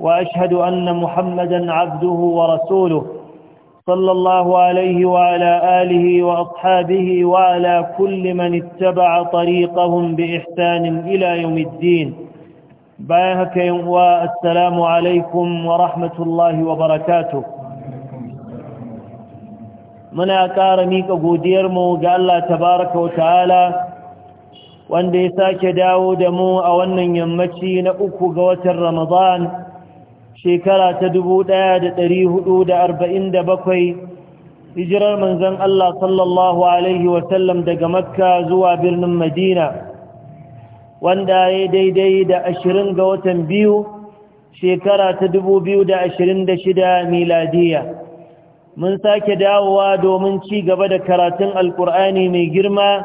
وأشهد أن محمدا عبده ورسوله صلى الله عليه وعلى آله وأصحابه وعلى كل من اتبع طريقهم بإحسان إلى يوم الدين باهك والسلام عليكم ورحمة الله وبركاته muna ƙara أبو ديرمو قال Allah tabaraka wa ta'ala wanda ya مو dawo da mu a wannan yammaci shekara ta dubu ɗaya da ɗari da arba'in da bakwai hijirar manzon Allah sallallahu Alaihi Sallam daga makka zuwa birnin madina wanda ya daidai da ashirin ga watan biyu shekara ta dubu biyu da ashirin da shida miladiya mun sake dawowa domin ci gaba da karatun alkur'ani mai girma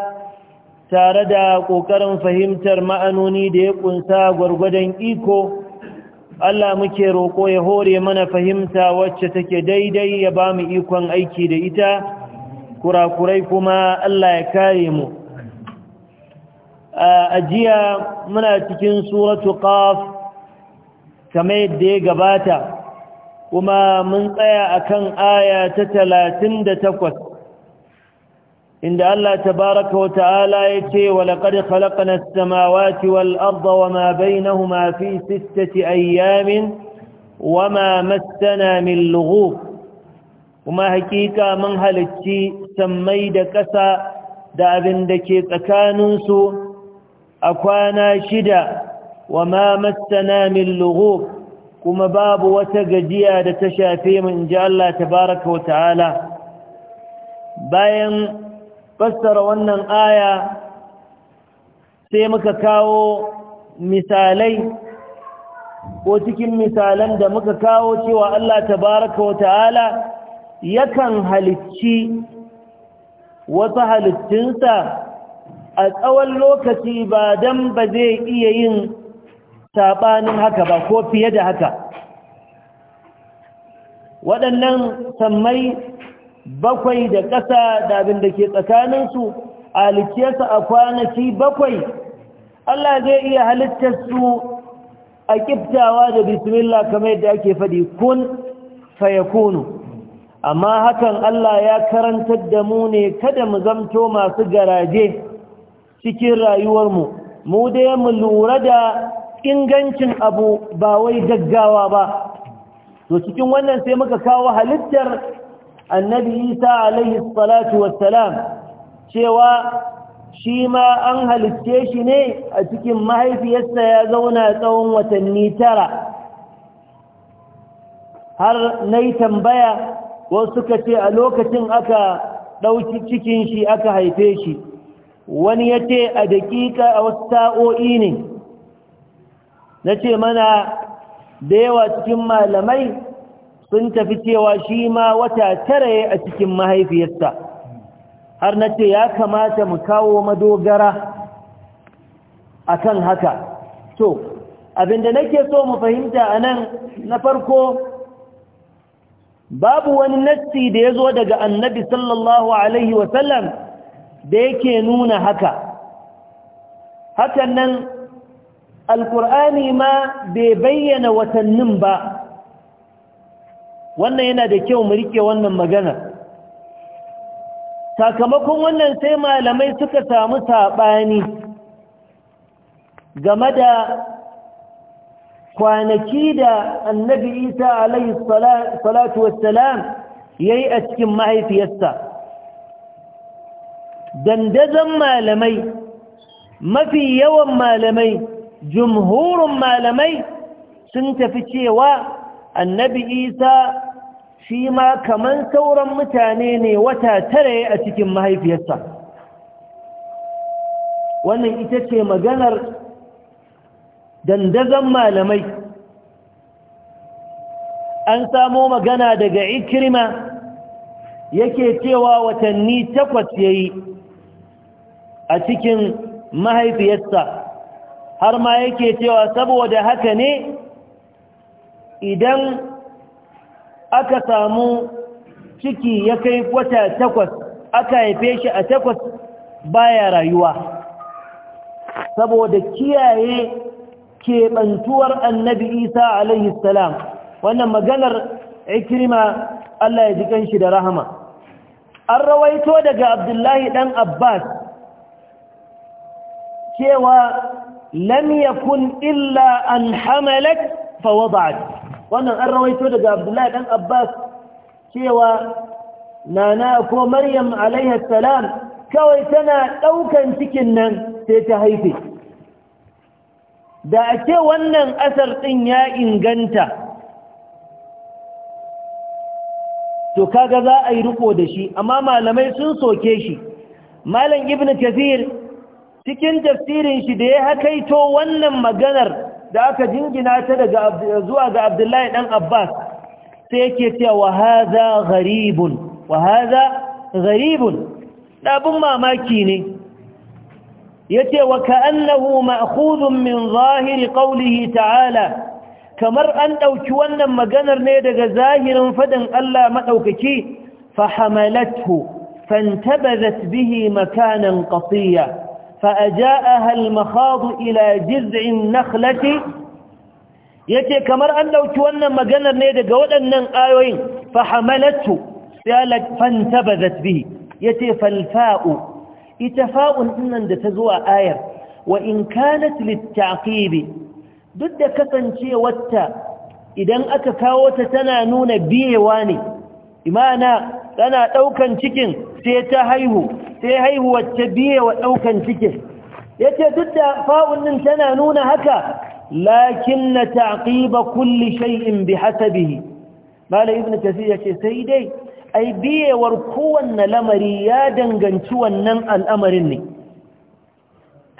tare da kokarin fahimtar ma'anoni da ya ƙunsa gwargwadon iko Allah muke roƙo ya hore mana fahimta wacce take daidai ya ba mu ikon aiki da ita kurakurai kuma Allah ya kare mu ajiya muna cikin suratu qaf kame yadda ya gabata kuma mun tsaya akan aya ta talatin da takwas. inda Allah tabaraka wa ta'ala yace wa laqad khalaqna as-samawati wal arda wama huma fi sittati ayyamin wama massana min lughub kuma hakika mun halicci sammai da ƙasa da abin da ke tsakaninsu a kwana shida ma mastana min lughub kuma babu wata gajiya da ta shafe mu inji Allah tabaraka wa ta'ala bayan fassara wannan aya sai muka kawo misalai ko cikin misalan da muka kawo cewa Allah tabaraka wa ta'ala yakan halicci wasu halittunsa a tsawon lokaci ba don ba zai iya yin saɓanin haka ba ko fiye da haka waɗannan sammai bakwai da ƙasa da abin da ke tsakaninsu a su a kwanaki bakwai Allah zai iya halittarsu a ƙiftawa da bismillah kamar yadda ake faɗi kun fayakunu amma hakan Allah ya karantar da mu ne kada mu zamto masu garaje cikin rayuwarmu mu dai mu lura da ingancin abu ba wai gaggawa ba to cikin wannan sai muka kawo halittar annabi isa alaihi salatu wassalam cewa shi ma an halitte shi ne a cikin mahaifiyarsa ya zauna tsawon watanni tara har na yi tambaya wasu suka ce a lokacin aka ɗauki cikin shi aka haife shi wani ya ce a daƙiƙa a wasu sa'o'i ne na ce mana da yawa cikin malamai sun tafi cewa shi ma wata tare a cikin mahaifiyarsa har na ce ya kamata mu kawo madogara akan haka to abinda nake so mu fahimta a nan na farko babu wani nassi da ya zo daga annabi sallallahu alaihi wasallam da yake nuna haka hakan nan alkur'ani ma bai bayyana watannin ba wannan yana da kyau mu rike wannan magana sakamakon wannan sai malamai suka samu saɓani game da kwanaki da annabi isa alaihi salatu wassalam ya yi a cikin mahaifiyarsa dandazon malamai mafi yawan malamai jumhurin malamai sun tafi cewa annabi isa shi ma kamar sauran mutane ne wata tare a cikin mahaifiyarsa wannan ita ce maganar dandazon malamai an samo magana daga ikirma yake cewa watanni takwas ya yi a cikin mahaifiyarsa har ma yake cewa saboda haka ne idan aka samu ciki ya kai wata takwas aka haife shi a takwas baya rayuwa saboda kiyaye keɓantuwar annabi isa alaihi salam wannan maganar ikirma Allah ya ji kanshi da rahama an rawaito daga abdullahi ɗan abbas cewa lam yakun illa an hamalat fa wada'at wannan an rawaito daga abdullahi dan abbas cewa nana ko maryam alaihi salam kawai tana ɗaukan cikin nan sai ta haife da a ce wannan asar ɗin ya inganta to kaga za a yi riko da shi amma malamai sun soke shi malam ibnu kathir cikin tafsirin shi da ya hakaito wannan maganar da aka jingina ta daga zuwa ga abdullahi dan abbas sai yake cewa wa hadha gharibun wa hadha gharibun mamaki ne yace wa ka'annahu ma'khudun min zahiri qawlihi ta'ala kamar an dauki wannan maganar ne daga zahirin fadin Allah madaukaki fa hamalathu fantabazat bihi makanan qatiya فأجاءها المخاض إلى جذع النخلة yace kamar an ɗauki wannan maganar ne daga waɗannan ayoyin fahamalatu sai fantabazat bihi yace falfa'u ita fa'un da ta zuwa ayar wa in kanat litta'qib duk da kasancewarta idan aka kawo ta tana nuna biyewa ne imana tana daukan cikin sai ta haihu sai haihuwar ta biye wa daukan cikin yace duk da fa'un din tana nuna haka lakin ta'qiba kulli shay'in bihasabihi malai ibn kasir yace sai dai ai biyewar kowanne lamari ya danganci wannan al'amarin ne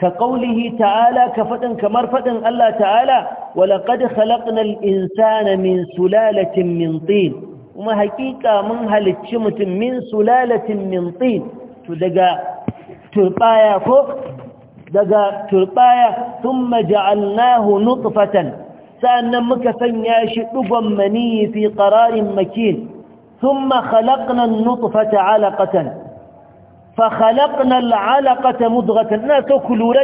ka ƙaulihi ta'ala ka faɗin kamar faɗin Allah ta'ala walaqad khalaqnal insana min sulalatin min tin kuma hakika mun halicci mutum min sulalatin min tin to daga turbaya ko daga turbaya thumma ja'alnahu nutfatan sa'annan muka sanya shi dugon mani fi qararin makin thumma khalaqna an-nutfata 'alaqatan fa khalaqna al-'alaqata mudghatan na to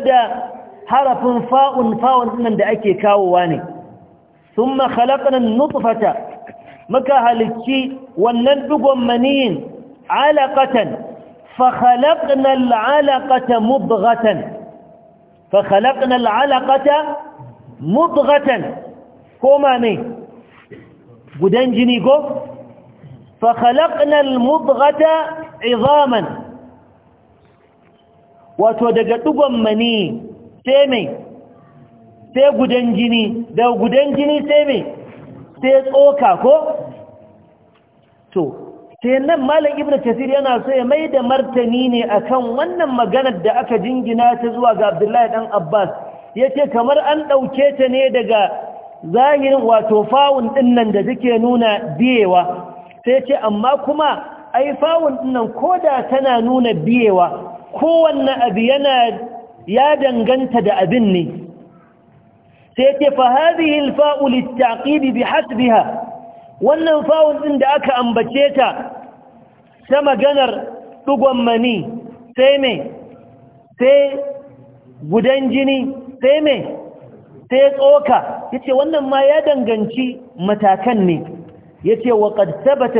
da harafin fa'un fa'un nan da ake kawowa ne thumma khalaqna an-nutfata muka halicci wannan dugon maniyin alaqatan fa khalaqna al'alaqata mudghatan fa khalaqna al'alaqata mudghatan koma ne gudan jini ko fa khalaqna al-mudghata 'idhaman wato daga dugon mani sai mai sai gudan jini da gudan jini sai mai sai tsoka ko to sai nan malam ibnu kasir yana so ya mai da martani ne akan wannan maganar da aka jingina ta zuwa ga abdullahi dan abbas yace kamar an dauke ta ne daga zahirin wato fawun ɗinnan da take nuna biyewa sai ce amma kuma ai fawun nan koda tana nuna biyewa kowanne abu yana ya danganta da abin ne sai ce fa hadhihi al-fa'u lit-ta'qib bihasbiha wannan fa'un ɗin da aka ambace ta ta maganar ɗugon mani sai mai sai gudan jini sai mai sai tsoka ya ce wannan ma ya danganci matakan ne ya ce wa ta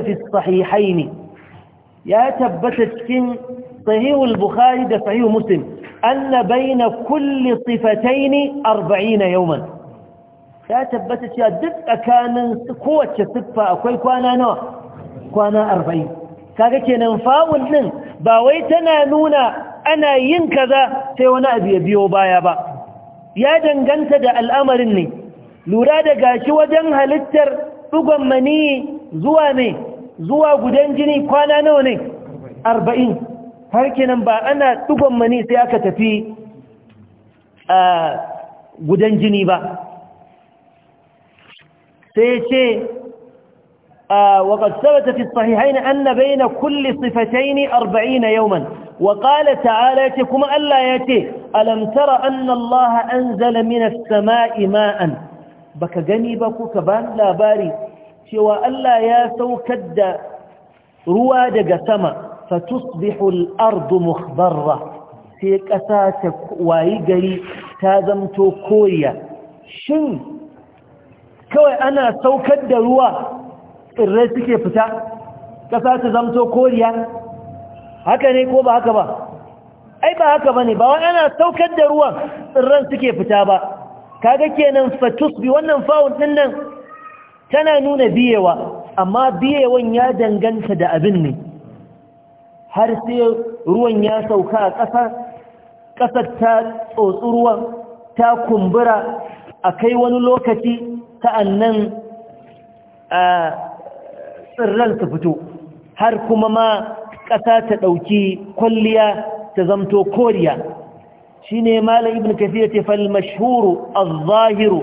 fi sahihai ne ya tabbata cikin sahihul bukhari da sahihul muslim an na bai na kulle sifatai ne arba'ina yauman ya tabbata cewa duk tsakanin kowace siffa akwai kwana nawa kwana arba'in kaga kenan fa'ul din ba wai tana nuna ana yin kaza sai wani abu ya biyo baya ba ya danganta da al'amarin ne lura da gashi wajen halittar dugon mani zuwa ne zuwa gudan jini kwana nawa ne arba'in har kenan ba ana dugon mani sai aka tafi a ah, gudan jini ba sai ce ah, waƙar sabata fi sahihai na an kulle sifatai ne arba'i na yawman waƙala ta'ala ya ce kuma Allah ya ce alamtara an Allah an zala mina sama'i ma'an ba ka gani ba kuka ba labari cewa Allah ya saukar da ruwa daga sama fatus bihul ardu muhbarra sai ƙasa ta wayi gari ta zamto koya shin kawai ana saukar da ruwa tsirrai suke fita ƙasa ta zamto koriya haka ne ko ba haka ba ai ba haka ba ne ba wani ana saukar da ruwan tsirran suke fita ba kaga kenan fatusbi wannan faul ɗin nan tana nuna biyewa amma biyewan ya danganta da abin ne har sai ruwan ya sauka a ƙasa ƙasar ta tsotsi ruwan ta kumbura a kai wani lokaci sa'annan a tsirran su fito har kuma ma ƙasa ta ɗauki kwalliya ta zamto koriya shi ne mala ibn kafir ce falmashuru a zahiru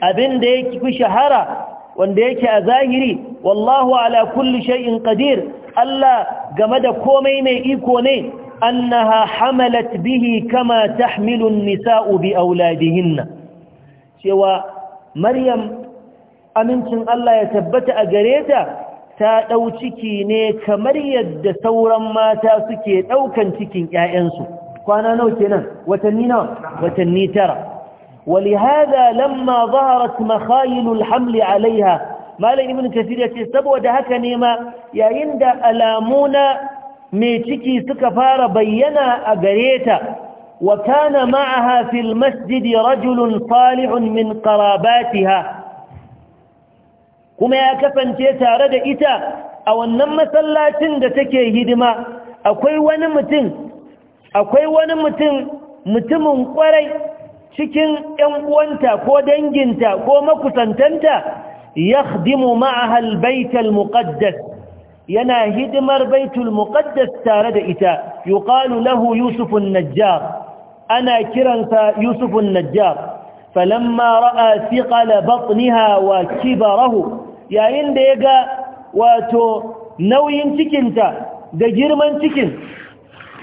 abinda ya fi shahara wanda yake a zahiri wallahu ala kulli shay'in qadir Allah game da komai mai iko ne annaha hamalat bihi kama tahmilun nisau bi auladihinna cewa maryam amincin Allah ya tabbata a gare ta ta ɗau ciki ne kamar yadda sauran mata suke ɗaukan cikin ‘ya'yansu kwana nau kenan watanni nawa watanni tara ولهذا لما ظهرت مخايل الحمل عليها malam ibn kasir yace saboda haka ne ma yayin da alamuna mai ciki suka fara bayyana a gare ta وكان معها في المسجد رجل صالح من قراباتها kuma ya kasance tare da ita a wannan masallacin da take hidima akwai wani mutum akwai wani mutum mutumin kwarai cikin ƴan uwanta ko danginta ko makusantanta yakhdimu ma'aha albayt almuqaddas yana hidimar baitul muqaddas tare da ita yuqalu lahu yusuf an ana kiransa yusufun najjar falamma ra'a thiqala batniha wa kibarahu yayin da ya ga wato nauyin cikinta da girman cikin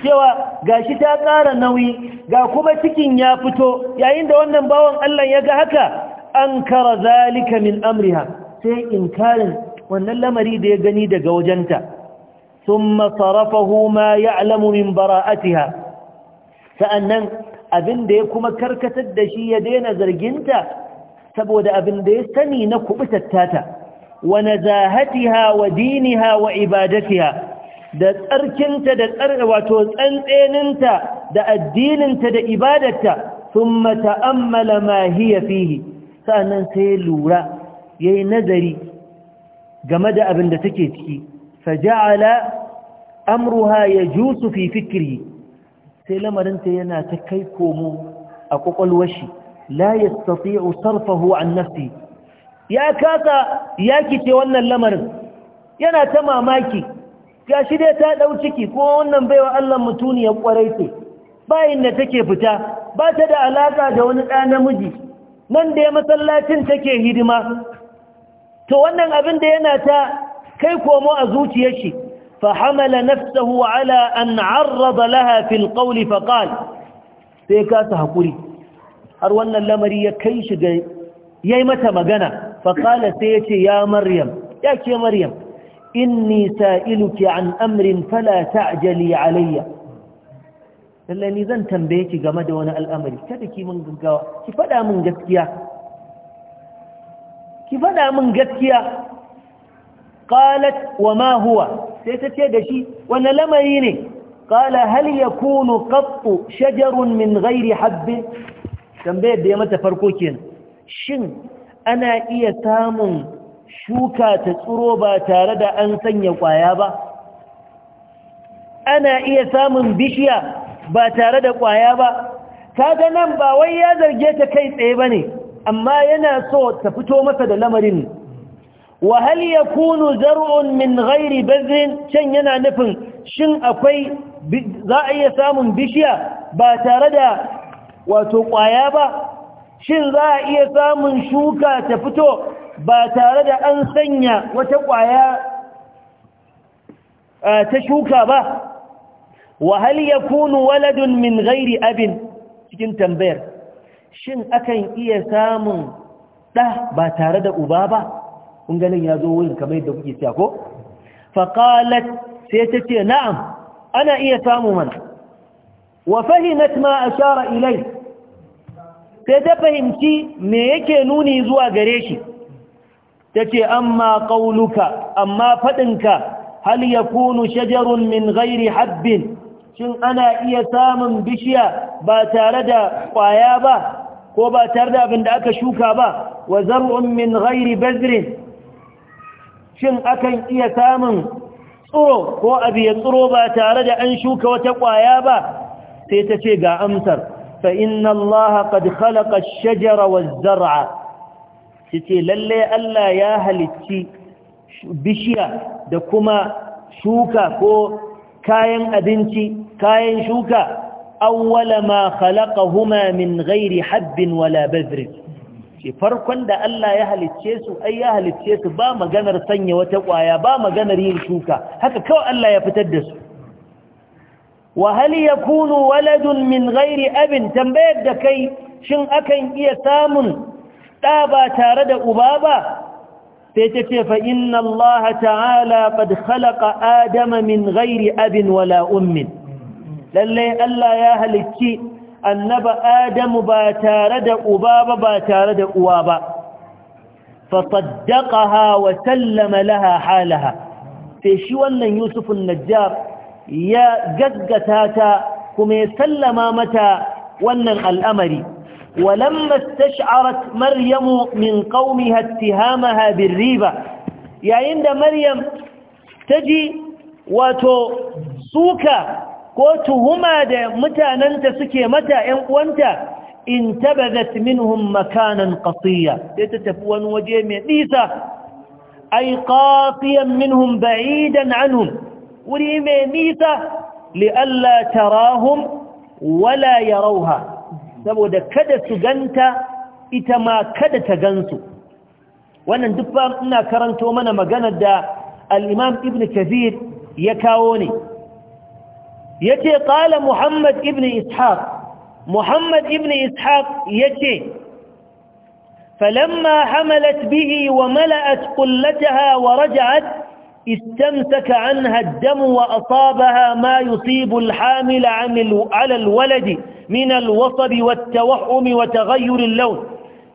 cewa gashi ta ƙara nauyi ga kuma cikin ya fito yayin da wannan bawan Allah ya ga haka an kara zalika min amriha sai inkarin wannan lamari da ya gani daga wajenta sun masarafahu ma ya'lamu min bara'atiha sa'annan abin da ya kuma karkatar da shi ya daina zarginta saboda abin da ya sani na tattata, wa zahatiha wa diniha wa ibadatiha da tsarkinta da wato tsantseninta da addininta da ibadarta sun mata'ammala ma hiya fihi sa'annan sai lura yayi nazari game da abin da take ciki faja'ala amruha yajusu fi fikiri. sai lamarinta yana ta kai komo a kwakwalwar shi la yastati'u sarfahu an nafsi ya kasa ya kice wannan lamarin yana ta mamaki Ga shi dai ta dau ciki ko wannan baiwa Allah ya kwarai ce bayin da take fita ba ta da alaƙa da wani ɗa namiji nan da ya masallacin take hidima to wannan abin da yana ta kai komo a zuciyar shi فحمل نفسه على أن عرض لها في القول فقال سيكاسها قري أرونا اللامرية كيش ييمت مغنى فقال سيكي يا مريم ياكي يا مريم إني سائلك عن أمر فلا تعجلي علي قال لي ذن تنبيك قمد وناء الأمر كذكي من قوى كيف أدى من قتكيا كيف أدى من قتكيا قالت وما هو sai ta ce da shi wani lamari ne ƙala hal ya kunu ƙaɓɓu shajarun min gairi habbin tambayar da ya mata farko kenan shin ana iya samun shuka ta tsuro ba tare da an sanya ƙwaya ba ana iya samun bishiya ba tare da ƙwaya ba kaga nan ba wai ya zarge ta kai tsaye ba ne amma yana so ta fito masa da lamarin wa hal yakunu zar'un min ghairi bazrin can yana nufin shin akwai za a iya samun bishiya ba tare da wato kwaya ba shin za a iya samun shuka ta fito ba tare da an sanya wata kwaya ta shuka ba wa hal yakunu waladun min ghairi abin cikin tambayar shin akan iya samun ɗa ba tare da uba ba kun ganin ya zo wurin kamar yadda kuke cewa ko faqalat sai ta ce na'am ana iya samu mana wa fahimat ma ashara ilai sai ta fahimci me yake nuni zuwa gare shi tace amma qauluka amma fadinka hal yakunu shajarun min ghairi habbin shin ana iya samun bishiya ba tare da kwaya ba ko ba tare da abin da aka shuka ba wa zar'un min ghairi bazrin shin akan iya samun tsiro ko a biya tsiro ba tare da an shuka wata kwaya ba sai ta ce ga amsar fa inna allaha qad khalaqa ash-shajara waz-zar'a sai lalle Allah ya halicci bishiya da kuma shuka ko kayan abinci kayan shuka awwala ma khalaqahuma min ghairi habbin wala badrin ce farkon da Allah ya halicce su ai ya halicce su ba maganar sanya wata kwaya ba maganar yin shuka haka kawai Allah ya fitar da su wa hal yakunu waladun min ghairi abin tambayar da kai shin akan iya samun da ba tare da uba ba sai ta ce fa inna Allah ta'ala qad khalaqa adama min ghairi abin wala ummin lalle Allah ya halicci annaba adamu ba tare da uba ba ba tare da uwa ba fasaddaqaha wa sallama laha halaha sai shi wannan yusuf najjar ya gaggata ta kuma ya sallama mata wannan al'amari ولما maryamu min من قومها اتهامها yayin da maryam taji wato وتسوكا ko tuhuma da mutananta suke mata ‘yan uwanta in tabazat minhum makanan qatiya sai ta tafi wani waje mai nisa ay qatiyan minhum ba'idan anhum wuri mai nisa li'alla tarahum wala rauha, saboda kada su ganta ita ma kada ta gansu wannan duk ina karanto mana maganar da alimam ibn kathir ya kawo ne yace qala muhammad ibn ishaq muhammad ibn ishaq yace فلما حملت به وملأت قلتها ورجعت استمسك عنها الدم وأصابها ما يصيب الحامل على الولد من الوصب والتوحم وتغير اللون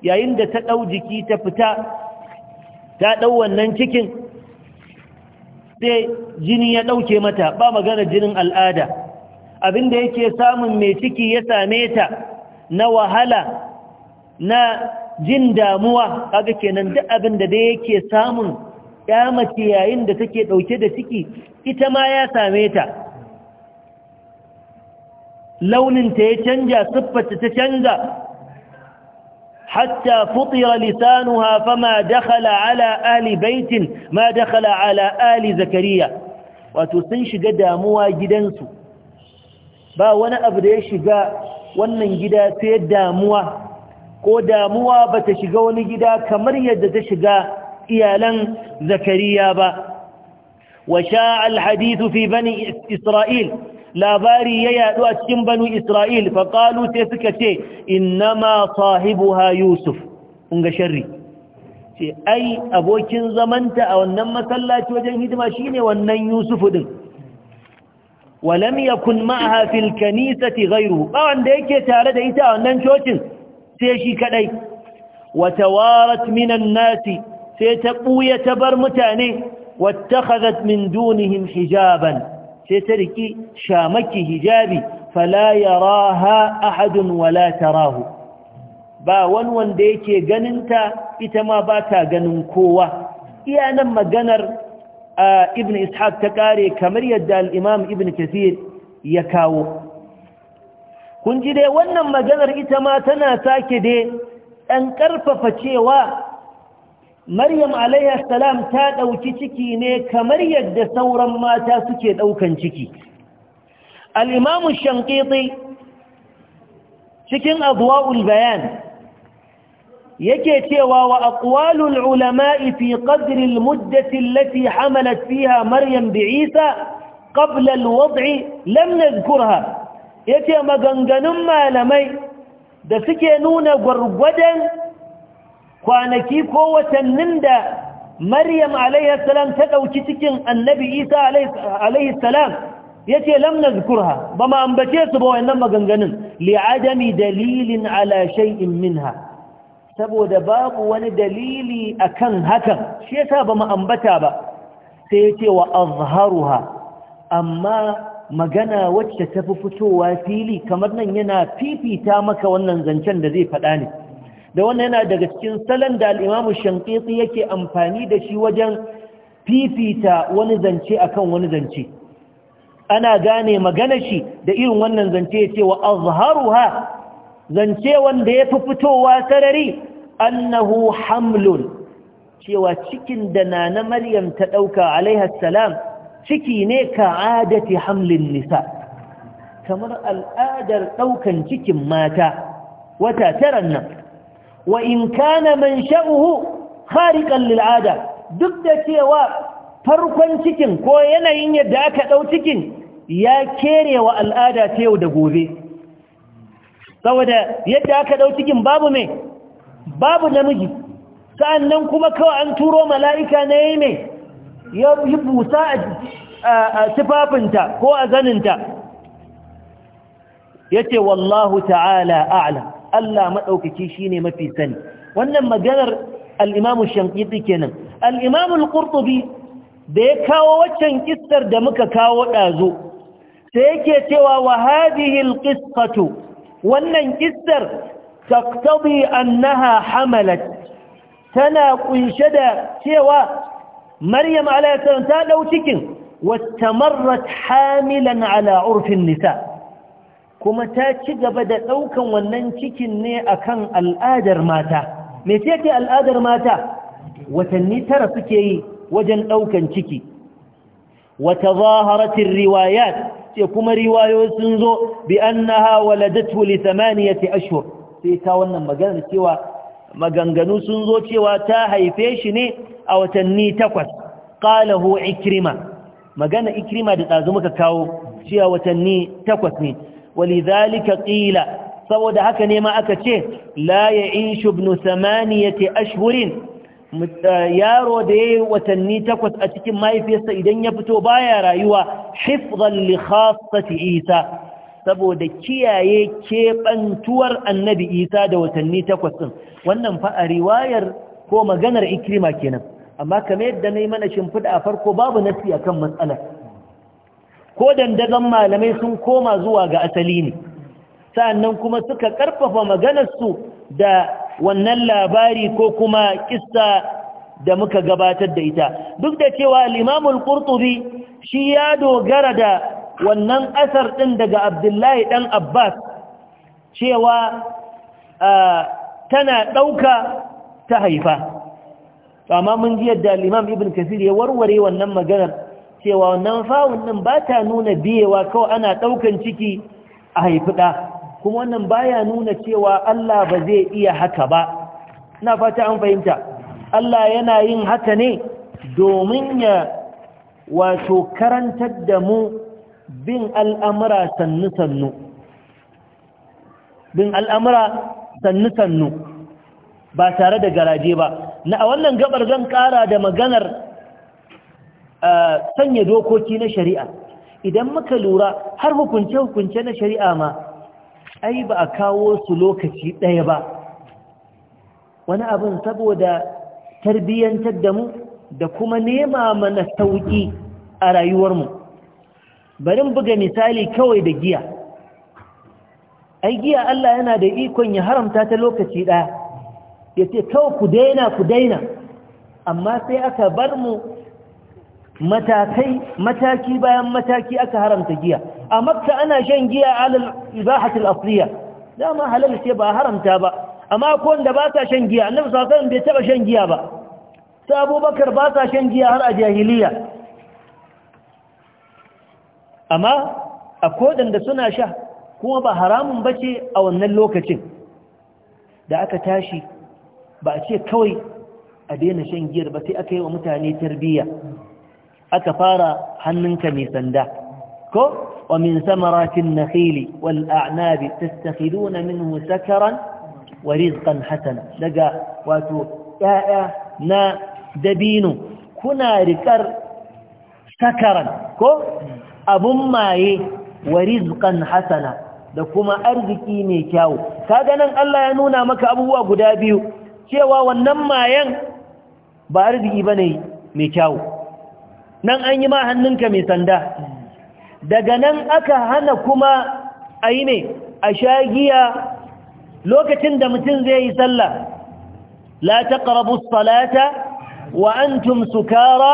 يا عند تأوجكي جكي تأوى تدو sai jini ya ɗauke mata ba magana jinin al'ada abinda yake samun mai ciki ya same ta na wahala na jin damuwa kaga kenan duk abinda da yake samun ya mace yayin da take ɗauke da ciki ita ma ya same ta launinta ya canja siffarta ta canja حتى فطر لسانها فما دخل على آل بيت ما دخل على آل زكريا وتسنش قداموا جدنسو با وانا أبدأ شقاء وانا جدا سيد داموا ko damuwa ba ta shiga wani gida kamar yadda ta shiga iyalan zakariya ba wa sha'al hadithu fi bani isra'il labari ya yadu a cikin banu Isra'il Faƙalu sai suka ce innama ha Yusuf unga sharri ce ai abokin zamanta a wannan masallaci wajen hidima shine wannan Yusuf ɗin walam yakun ma'aha fil kanisati gairu ba wanda yake tare da ita a wannan cocin sai shi kadai watawarat minan nasi sai ta buya ta bar mutane wata min dunihim hijaban sai ta riki shamaki hijabi falaya raha ahadun wala tarahu ba wani wanda yake ganinta ita ma ba ta ganin kowa iya nan maganar ibn ishaq ta kare kamar yadda al-imam ibn kathir ya kawo kun ji dai wannan maganar ita ma tana sake dai ɗan ƙarfafa cewa maryam alaiha salam ta ɗauki ciki ne kamar yadda sauran mata suke ɗaukan ciki al'imamu shankiti cikin abuwa'ul bayan yake cewa wa aqwalul ulama'i fi qadri muddatin Lati allati hamalat fiha maryam bi isa qabla al-wad'i lam nadhkurha yace maganganun malamai da suke nuna gwargwadon. kwanaki ko watannin da maryam alaihi salam ta dauki cikin annabi isa alaihi salam yace lam nazkurha ba ma ambace su ba wannan maganganun li adami dalilin ala shay'in minha saboda babu wani dalili akan hakan shi yasa ba mu ambata ba sai yace wa azharuha amma magana wacce ta fi fitowa fili kamar nan yana fifita maka wannan zancen da zai faɗa ne da wannan yana daga cikin salon da al'imamu shankitsi yake amfani da shi wajen fifita wani zance akan wani zance ana gane magana shi da irin wannan zance ya ce wa ha? zance wanda ya fi fitowa sarari annahu hamlun cewa cikin da na maryam ta ɗauka alaihassalam ciki ne ka adati hamlin nisa kamar al'adar ɗaukan cikin mata wata taran nan wa in kana mansha'uhu khariqan lil ada duk da cewa farkon cikin ko yanayin yadda aka dau cikin ya kerewa al'ada ta yau da gobe saboda yadda aka dau cikin babu me babu namiji sa'annan kuma kawai an turo mala'ika na yayi me ya yi busa a sifafinta ko a zaninta yace wallahu ta'ala a'lam Allah shi shine mafi sani wannan maganar alimamu imam Shankiti kenan al-Imam al da ya kawo waccan kissar da muka kawo dazo sai yake cewa wa hadhihi wannan kissar taqtabi annaha hamalat tana ƙunshe da cewa Maryam alayha salam ta ɗau cikin wastamarrat hamilan ala urfin nisa kuma ta ci gaba da ɗaukan wannan cikin ne akan al'adar mata me ce ke al'adar mata watanni tara suke yi wajen ɗaukan ciki wata zaharatin riwayat ce kuma riwayo sun zo bi annaha waladatu li thamaniyati ashhur sai ta wannan magana cewa maganganu sun zo cewa ta haife shi ne a watanni takwas qalahu ikrima magana ikrima da dazu muka kawo cewa watanni takwas ne ƙila ولذلك قيل سود هكا نيما أكتشه لا يعيش ابن ثمانية أشهر yaro da ya yi watanni takwas a cikin mahaifiyarsa idan ya fito baya rayuwa hifzan li isa saboda kiyaye keɓantuwar annabi isa da watanni takwas ɗin wannan fa a riwayar ko maganar ikrima kenan amma kamar yadda na yi mana shimfiɗa a farko babu nasi kan matsalar ko dandazon malamai sun koma zuwa ga asali ne sannan kuma suka karfafa maganarsu da wannan labari ko kuma kissa da muka gabatar da ita duk da cewa limamul qurtubi shi ya dogara da wannan asar ɗin daga abdullahi ɗan abbas cewa tana ɗauka ta haifa amma mun ji yadda limam ibn kasir ya warware wannan maganar cewa wannan fa'un din ba ta nuna biyewa kawai ana ɗaukan ciki a haifi kuma wannan baya nuna cewa Allah ba zai iya haka ba na fata an fahimta Allah yana yin haka ne domin ya wato karantar da mu bin al'amura sannu-sannu bin al'amura sannu-sannu ba tare da garaje ba na a wannan gabar zan ƙara da maganar sanya dokoki na shari'a idan muka lura har hukunce-hukunce na shari'a ma ai ba a kawo su lokaci ɗaya ba wani abin saboda tarbiyyantar da mu da kuma nema mana sauƙi a rayuwarmu barin buga misali kawai da giya ai giya Allah yana da ikon ya haramta ta lokaci ɗaya ya ce kawai ku daina ku daina amma sai aka bar mu matakai mataki bayan mataki aka haramta giya a makka ana shan giya alal ibahatul asliya dama halal ce ba haramta ba amma ko wanda ba sa shan giya annabi sallallahu alaihi wasallam bai taba shan giya ba sai abubakar ba sa shan giya har a jahiliya amma akwai wadanda suna sha kuma ba haramun bace a wannan lokacin da aka tashi ba a ce kawai a daina shan giyar ba sai aka yi wa mutane tarbiyya aka fara hannunka mai sanda ko wa min samaratin nakhili wal a'nabi tastakhiduna minhu sakaran wa rizqan hasana daga wato ya'ya na dabino kuna rikar sakaran ko abun maye wa rizqan hasana da kuma arziki mai kyau kaga nan Allah ya nuna maka abubuwa guda biyu cewa wannan mayan ba arziki bane mai kyau nan an yi ma hannunka mai sanda daga nan aka hana kuma a yi ne a giya lokacin da mutum zai yi sallah la taqrabu salata wa antum sukara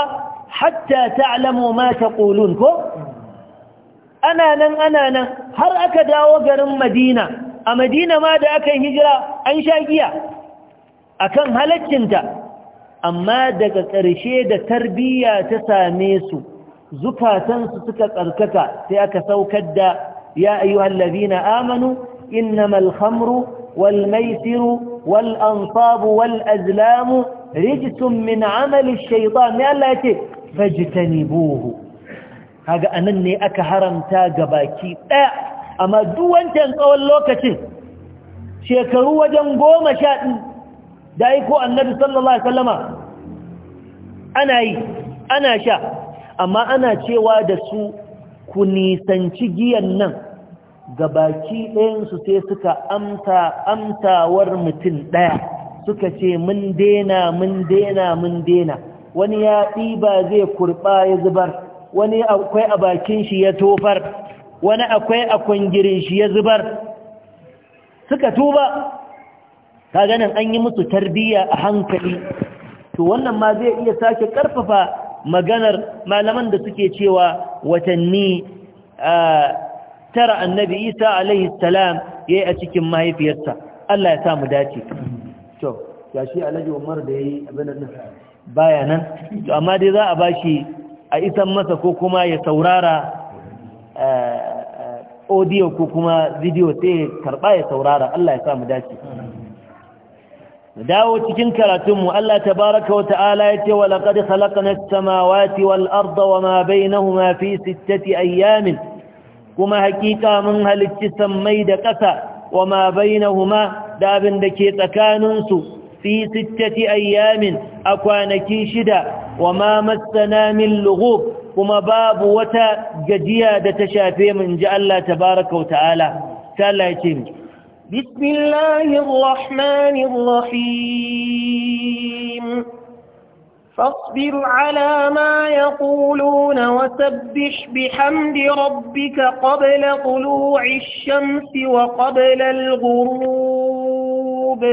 hatta alamu mata taqulun ko ana nan ana nan har aka dawo garin Madina a Madina ma da aka hijira an sha a akan halaccinta amma daga ƙarshe da tarbiyya ta same su zukatansu suka tsarkaka sai aka saukar da ya ayyuhal ladina amanu innamal khamru wal maisiru wal ansabu wal azlamu rijsun min amali shaytan ne Allah yake buhu. Haga anan ne aka haramta ga baki ɗaya, amma duk wancan tsawon lokacin shekaru wajen goma sha da ko annabi sallallahu alaihi wasallama ana yi ana sha amma ana cewa da su ku nisanci giyan nan ga baki ɗayansu sai suka amsa amsawar mutum ɗaya suka ce mun dena mun dena mun dena wani ya ba zai kurɓa ya zubar wani akwai a bakin shi ya tofar wani akwai a kwangirin shi ya zubar suka tuba ka ganin an yi musu tarbiyya a hankali to wannan ma zai iya sake karfafa maganar malaman da suke cewa watanni tara annabi isa alaihi salam yayi a cikin mahaifiyarsa Allah ya sa mu dace to gashi alaji Umar da yayi abin nan baya nan to amma dai za a bashi a isan masa ko kuma ya saurara audio ko kuma video sai karba ya saurara Allah ya sa mu dace dawo cikin karatunmu Allah tabaraka wa ta'ala ya ce wa laqad khalaqna as-samawati wal arda wa ma bainahuma fi sittati ayyamin kuma hakika mun halicci sammai da ƙasa wa ma bainahuma da abin da ke tsakanin su fi sittati ayyamin a kwanaki shida wa ma massana min lughub kuma babu wata gajiya da ta shafe mun ji Allah tabaraka wa ta'ala ta Allah ya بسم الله الرحمن الرحيم فاصبر على ما يقولون وسبح بحمد ربك قبل طلوع الشمس وقبل الغروب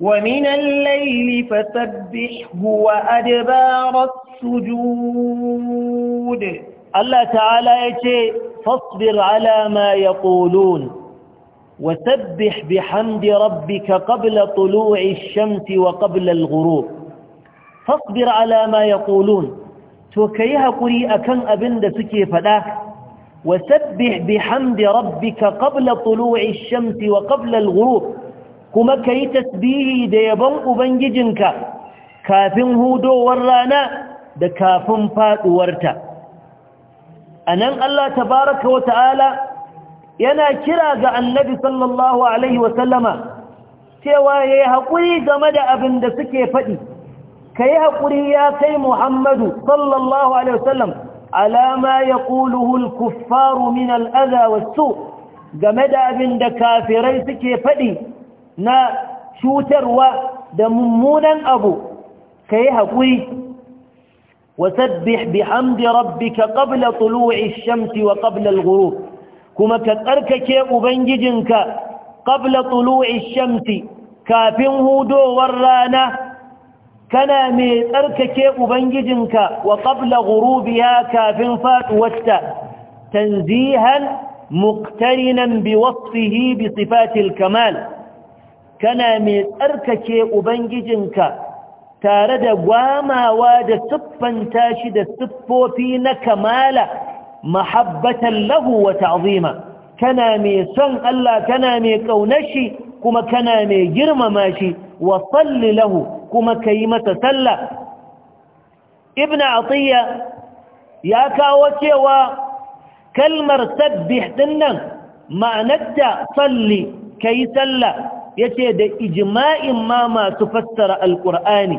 ومن الليل فسبحه وأدبار السجود الله تعالى يتي فاصبر على ما يقولون وسبح بحمد ربك قبل طلوع الشمس وقبل الغروب فاصبر على ما يقولون توكيها قري أكن أبند سكي فداك وسبح بحمد ربك قبل طلوع الشمس وقبل الغروب كما كي تسبيه ديبن أبنججنك كافن هودو ورانا دكافن فات ورتا أنا الله تبارك وتعالى yana kira ga annabi sallallahu alaihi wasallama cewa yayi haƙuri game da abin da suke faɗi ka yi haƙuri ya kai muhammadu sallallahu alaihi alama ya ƙuluhul kuffaru min al'aza wasu game da abin da kafirai suke faɗi na cutarwa da mummunan abu ka yi haƙuri وسبح بحمد ربك قبل طلوع wa وقبل الغروب kuma ka tsarkake ubangijinka ƙabla tulu'i shamsi kafin hudowar rana kana mai tsarkake ubangijinka wa qabla gurubiya kafin faɗuwarta tanzihan muktarinan bi wasfihi bi sifatil kamal kana mai tsarkake ubangijinka tare da gwamawa da siffanta shi da siffofi na kamala mahabbatan lahu wa ta'zima kana mai son Allah kana mai kaunashi kuma kana mai girmama shi wa salli lahu kuma kai masa sallah ibn atiya ya kawo cewa kalmar sabbih dinnan ma'anarta salli kai sallah yace da ijma'in ma masu fassara alqur'ani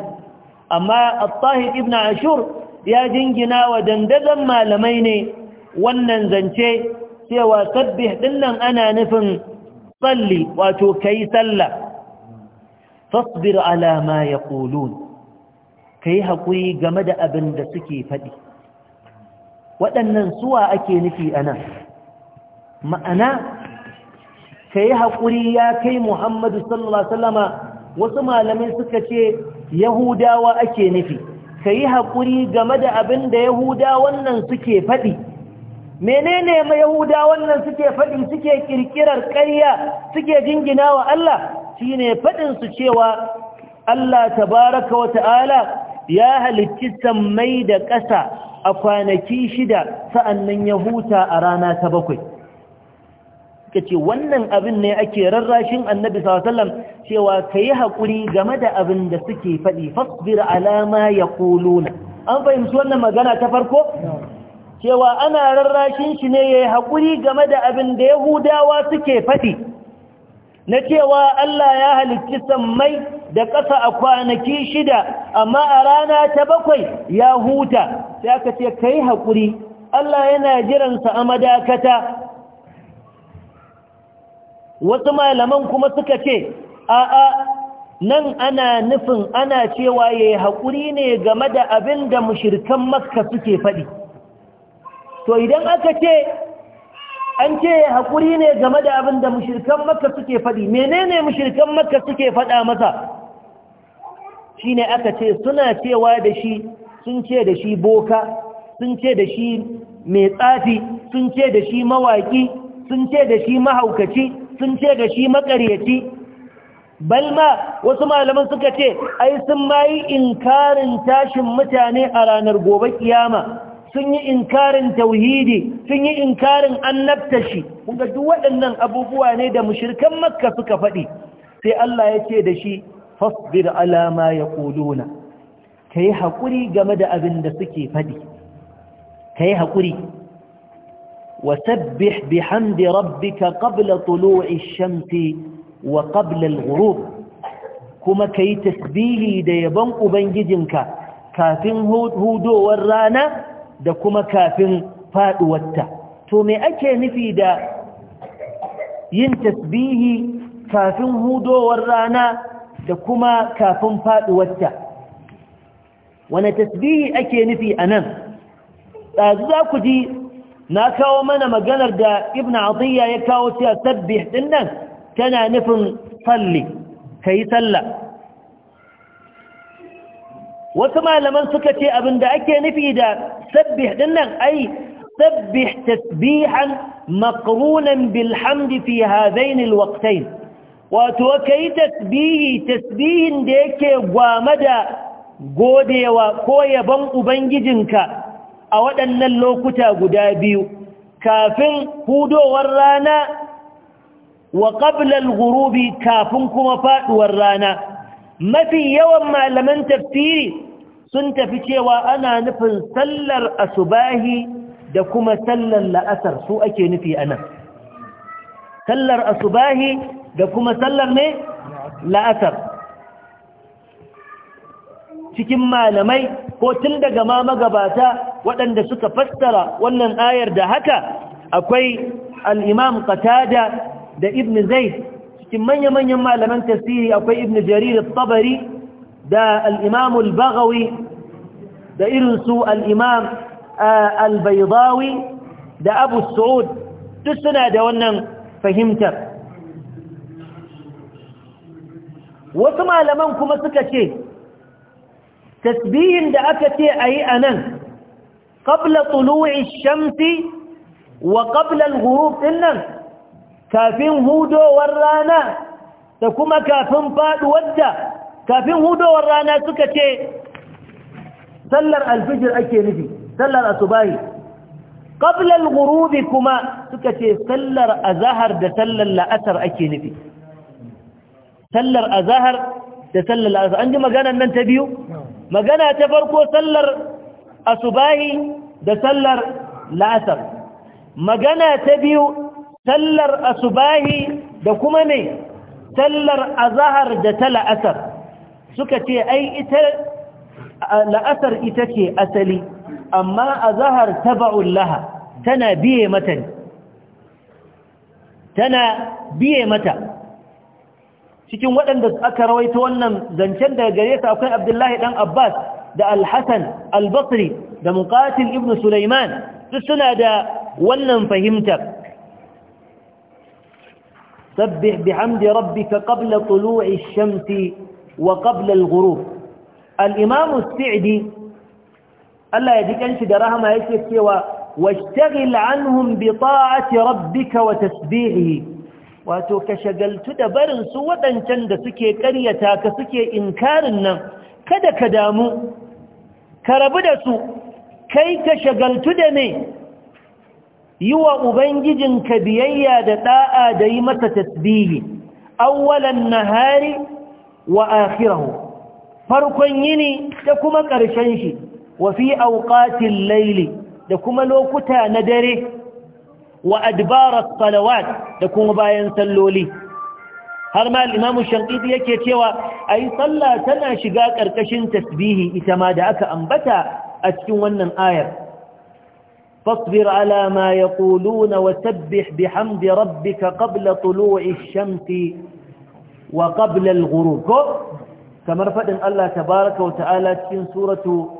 amma at-tahir ibn ashur ya jingina wa dandazan malamai ne wannan zance cewa sabbih dinnan ana nufin salli wato kai sallah fasbir ala ma yaqulun kai hakuri game da abin da suke faɗi waɗannan suwa ake nufi anan ma'ana kai hakuri ya kai Muhammadu sallallahu alaihi wasallama wasu malamai suka ce yahudawa ake nufi kai hakuri game da abin da yahuda wannan suke faɗi menene mai yahuda wannan suke faɗi suke kirkirar ƙarya suke jingina wa Allah shine faɗin su cewa Allah tabaraka wa ta'ala ya halicci sammai da ƙasa a kwanaki shida sa'annan ya huta a rana ta bakwai kace wannan abin ne ake rarrashin annabi sallallahu alaihi wasallam cewa kai hakuri game da abin da suke faɗi fasbir alama ya yaquluna an fahimci wannan magana ta farko cewa ana rarrashin shi ne ya yi haƙuri game da abin da yahudawa suke faɗi na cewa Allah ya halicci sammai da ƙasa a kwanaki shida amma a rana ta bakwai ya huta sai aka ce ka yi haƙuri Allah yana jiransa a madakata wasu malaman kuma suka ce a'a nan ana nufin ana cewa ya yi haƙuri ne game da abin da mushirkan makka suke faɗi to idan aka ce an ce haƙuri ne game da abin da mushirkan maka suke faɗi menene mushirkan maka suke faɗa masa shi ne aka ce suna cewa da shi sun ce da shi boka sun ce da shi mai tsafi sun ce da shi mawaƙi sun ce da shi mahaukaci sun ce da shi makaryaci balma wasu malaman suka ce ai sun mayi inkarin tashin mutane a ranar gobe kiyama sun yi inkarin tauhidi sun yi inkarin annabta shi kuma duk waɗannan abubuwa ne da mushirkan makka suka faɗi sai Allah ya ce da shi fasbir ya ma ka yi haƙuri game da abin da suke faɗi kai hakuri وسبح بحمد ربك قبل طلوع الشمس وقبل kuma كما كي da yabon ubangijinka kafin hudowar rana. da kuma kafin faduwarta to me ake nufi da yin tasbihi kafin hudowar rana da kuma kafin faduwarta wane tasbihi ake nufi anan ɗazu za ku ji na kawo mana maganar da ibn atiyya ya kawo cewa sabbih din nan tana nufin salli kai sallah wasu malaman suka ce abin da ake nufi da sabbih dinnan ai sabbih tasbihan maqrunan bil hamdi fi hadain al waqtayn wato kai tasbihi tasbihin da yake gwama da godewa ko yabon ubangijinka a waɗannan lokuta guda biyu kafin hudowar rana wa ƙablal gurubi kafin kuma faɗuwar rana mafi yawan malaman tafsiri sun tafi cewa ana nufin sallar asubahi da kuma sallar la'asar su ake nufi anan sallar asubahi da kuma sallar ne la'asar cikin malamai ko tun daga ma magabata waɗanda suka fassara wannan ayar da haka akwai al'imam qatada da ibn zaid cikin manya-manyan malaman tasiri akwai ibn jarir tabari دا الامام البغوي دا ارسو الامام البيضاوي دا ابو السعود تسنى ده وانا فهمت وثم علمانكم سكتي تسبيه ده اكتي اي انا قبل طلوع الشمس وقبل الغروب إلا كافين هودو ورانا تكما كافين فاد ودا kafin hudowar rana suka ce sallar alfijir ake nufi sallar asubahi qabla al kuma suka ce sallar azhar da sallar la'asar ake nufi sallar azhar da sallar la'asar an ji magana nan ta biyu magana ta farko sallar asubahi da sallar la'asar magana ta biyu sallar asubahi da kuma ne sallar azhar da ta la'asar suka ce ai ita la'asar ita ce asali amma a zahar taba'un laha tana biye mata tana biye mata cikin waɗanda aka rawaita wannan zancen daga gare su akwai abdullahi ɗan abbas da alhassan albasri da muqatil ibn sulaiman su suna da wannan fahimtar sabbih bihamdi rabbika qabla tulu'i shamsi وقبل الغروب الإمام السعدي الله يجيكنش درهما يكتب سوى واشتغل عنهم بطاعة ربك وتسبيحه wato ka shagaltu da barin su waɗancan da suke ƙaryata ka suke inkarin nan kada ka damu ka rabu da su kai ka shagaltu da me yi wa Ubangijin ka biyayya da ɗa'a da yi masa tasbihi awwalan nahari wa akhirahu farkon yini da kuma ƙarshen shi wa fi awqatil layli da kuma lokuta na dare wa adbarat salawat da kuma bayan salloli har ma al-imamu shanqidi yake cewa ai sallah tana shiga ƙarƙashin tasbihi ita ma da aka ambata a cikin wannan ayar فاصبر على ما يقولون وسبح بحمد ربك قبل طلوع الشمس wa qabla al-ghurub ko kamar fadin Allah tabaaraka wa ta'ala cikin suratu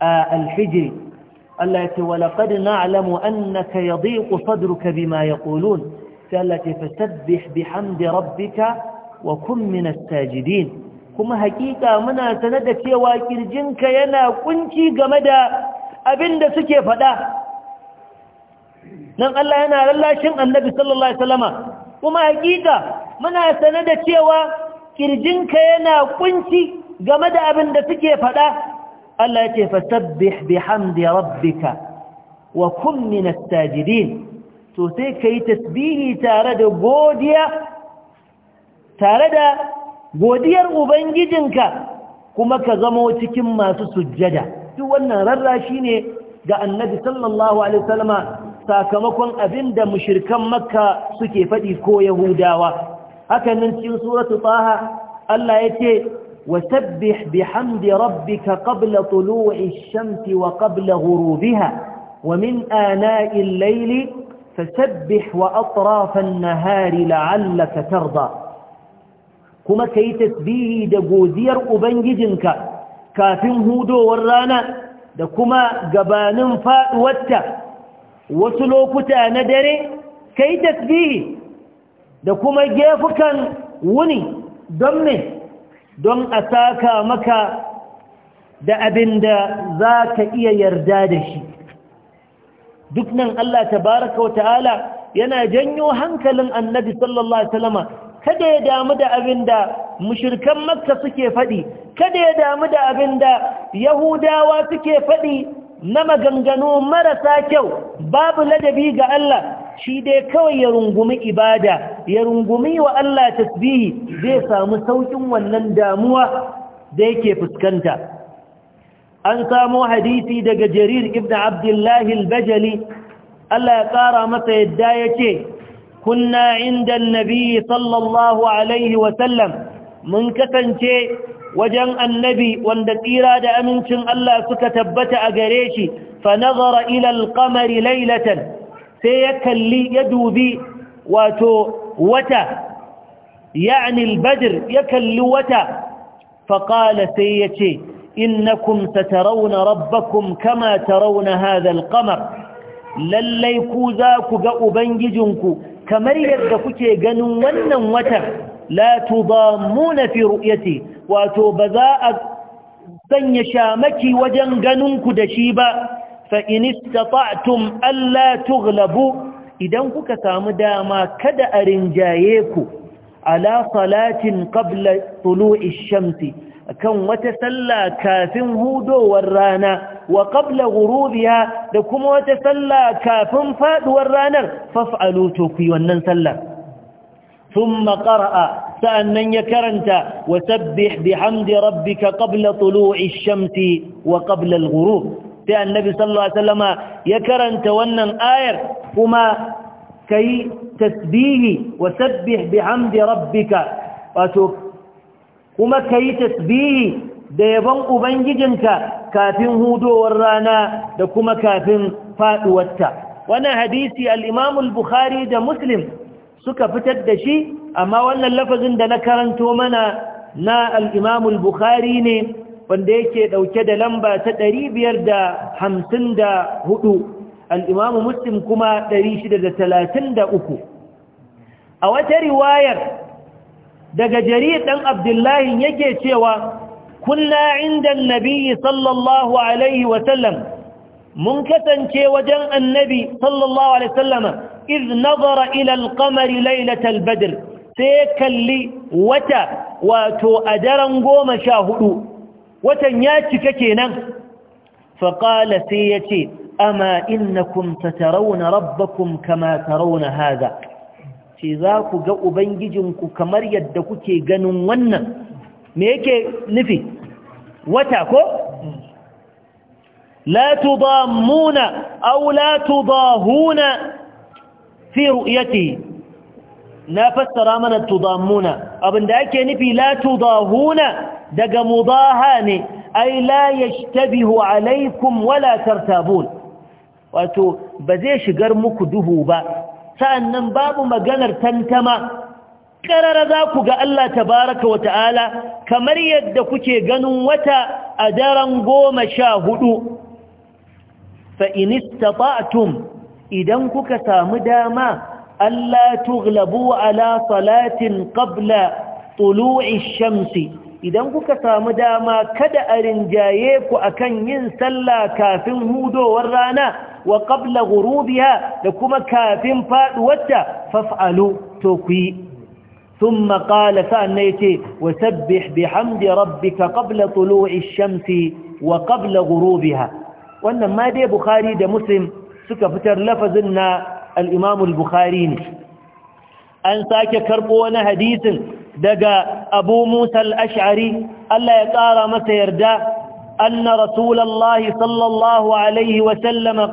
al-hijr Allah ya ce wa laqad na'lamu annaka yadhiqu sadruka bima yaqulun sallati fasabbih bihamdi rabbika wa kun min as-sajidin kuma hakika muna sanar da cewa kirjinka yana kunci game da abinda suke fada nan Allah yana lallashin annabi sallallahu alaihi wasallama kuma hakika muna sane da cewa kirjinka yana kunci game da abin da suke faɗa Allah ya ce fasabbih bihamdi rabbika wa kun min as-sajidin to sai kai tasbihi tare da godiya tare da godiyar ubangijinka kuma ka zamo cikin masu sujjada duk wannan rarrashi ne ga annabi sallallahu alaihi wasallama sakamakon abin da mushirkan makka suke faɗi ko yahudawa hakan nan cikin suratu taha Allah ya ce wasabbih bihamdi rabbika qabla tulu'i ash-shamsi wa qabla ghurubiha wa min ana'i al-layli fasabbih wa atrafa nahari la'allaka tarda kuma kai tasbihi da godiyar ubangijinka kafin hudowar rana da kuma gabanin faduwarta wasu lokuta na dare kai tasbihi da kuma gefukan wuni don me don a saka maka da abin da za ka iya yarda da shi duk nan Allah tabaraka wa ta'ala yana janyo hankalin annabi sallallahu alaihi wasallama kada ya damu da abin da mushirkan makka suke faɗi kada ya damu da abin da yahudawa suke faɗi na maganganu marasa kyau babu ladabi ga Allah shi dai kawai ya rungumi ibada ya rungumi wa Allah tasbihi zai samu saukin wannan damuwa da yake fuskanta an samu hadisi daga jarir ibn abdullahi al-bajali Allah ya kara masa yadda ce, kunna inda annabi sallallahu alaihi wa sallam mun kasance wajen annabi wanda tsira da amincin Allah suka tabbata a gare shi fa nazara ila al sai ya dubi wato wata yani al-badr ya kalli wata fa qala sai yace innakum tatarawna rabbakum kama tarawna hadha al-qamar lallai ku za ku ga ubangijinku kamar yadda kuke ganin wannan watan la tudammuna fi ru'yati wato ba za a sanya shamaki wajen ganin ku da shi ba fa in allah alla idan kuka samu dama kada a rinjaye ku ala salatin qabla tulu'i shamsi kan wata sallah kafin hudowar rana wa qabla ghurubiha da kuma wata sallah kafin faduwar ranar faf'alu to ku wannan sallah ثم قرأ سأنن يكرنت وسبح بحمد ربك قبل طلوع الشمس وقبل الغروب سأن النبي صلى الله عليه وسلم يكرنت ونن آير كما كي تسبيه وسبح بحمد ربك كما كي تسبيه da yabon ubangijinka kafin hudowar rana da kuma kafin faduwarta wannan hadisi al-Imam al-Bukhari da Muslim suka fitar da shi amma wannan lafazin da na karanto mana na al'imamul bukhari ne wanda yake ɗauke da lamba ta 554 al Muslim kuma 633 a wata riwayar daga jarir dan Abdullahi yake cewa kunna inda nabi sallallahu alaihi mun kasance wajen annabi sallallahu alaihi sallama iz nazara ila alqamari lailatal badr sai kalli wata wato a daren goma sha hudu watan ya cika kenan faƙala sai ya ce amma innakum tatarauna rabbakum kama tarauna haza ce za ku ga ubangijinku kamar yadda kuke ganin wannan me yake nufi wata ko لا تضامون أو لا تضاهون في رؤيته na fassara mana tudammuna abinda ake nufi la tudahuna daga mudaha ne ai la yashtabihu alaikum wala tartabun wato ba zai shigar muku duhu ba sa'annan babu maganar tantama karara za ku ga Allah tabaraka wa kamar yadda kuke ganin wata a daren goma sha hudu fa in istata'tum idan kuka samu dama alla tughlabu ala salatin qabla tulu'i shamsi idan kuka samu dama kada a rinjaye ku akan yin sallah kafin hudowar rana wa qabla ghurubiha da kuma kafin faduwarta faf'alu to ku yi ثم قال فأنيتي وسبح بحمد ربك قبل طلوع الشمس وقبل غروبها wannan ma dai bukhari da muslim suka fitar lafazin na al al-bukhari ne an sake karɓo wani hadisin daga abu musa al-ash'ari Allah ya ƙara masa yarda anna Rasulallah sallallahu alaihi wa sallama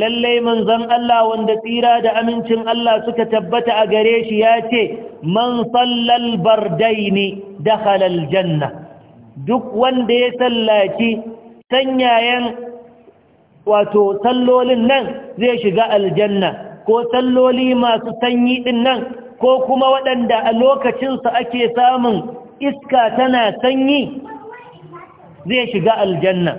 lallai manzon Allah wanda tsira da amincin Allah suka tabbata a gare shi ya ce man sallal da dakhala janna. duk wanda ya sallaci sanyayen wato sallolin nan zai shiga aljanna ko salloli masu sanyi din nan ko kuma waɗanda a lokacinsu ake samun iska tana sanyi zai shiga aljanna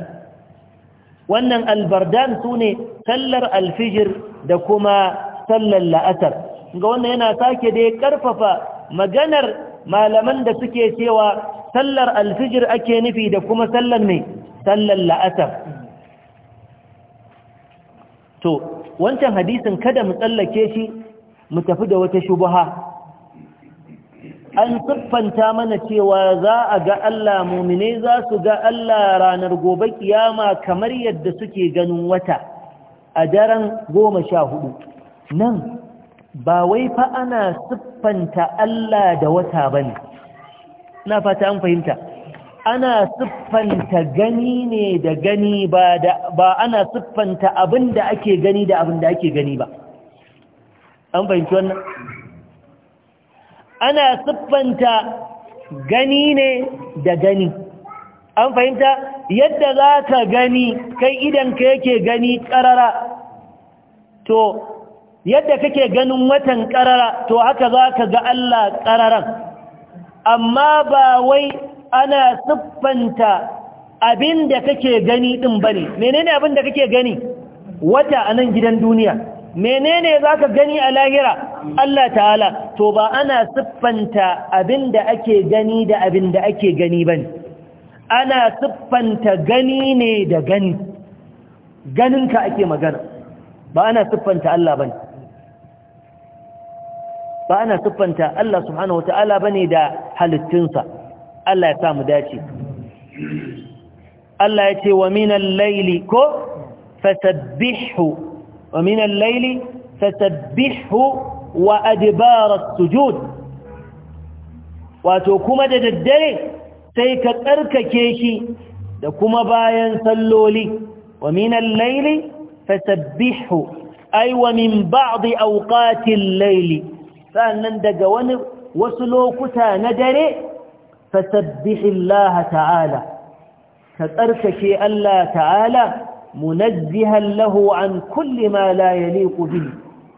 wannan albardan su ne sallar alfijir da kuma sallar la'asar ga wannan yana sake da ya ƙarfafa maganar malaman da suke cewa sallar alfijir ake nufi da kuma sallar mai sallar la'asar to wancan hadisin kada mu tsallake shi mu tafi da wata shubaha an siffanta mana cewa za a ga Allah mumine za su ga Allah ranar gobe kiyama kamar yadda suke ganin wata a daren goma sha hudu nan ba wai fa ana siffanta Allah da wata ba ne na fata an fahimta ana siffanta gani ne da gani ba ana siffanta abin da ake gani da abin da ake gani ba an fahimci wannan ana siffanta gani ne da gani an fahimta yadda za ka gani kai idanka yake gani karara to yadda kake ganin watan karara to haka za ka ga Allah kararan amma ba wai ana siffanta abin da kake gani ɗin ba ne menene abin da kake gani wata a nan gidan duniya menene za ka gani a lahira Allah ta'ala to ba ana siffanta abin da ake gani da abin da ake gani ba ne ana siffanta gani ne da gani ganinka ake magana ba ana siffanta Allah ba ne ba ana siffanta Allah subhanahu wa ta'ala ba ne da halittunsa Allah ya sa mu dace Allah ya ce wa minan layli ko fasabbihu wa fasabbihu wa adibara sujud wato kuma da daddare sai ka tsarkake shi da kuma bayan salloli wa minan laili fasabbihu ai wa min ba'di awqatil laili sannan daga wani wasu lokuta na dare فسبح الله تعالى كتركك الله تعالى منزها له عن كل ما لا يليق به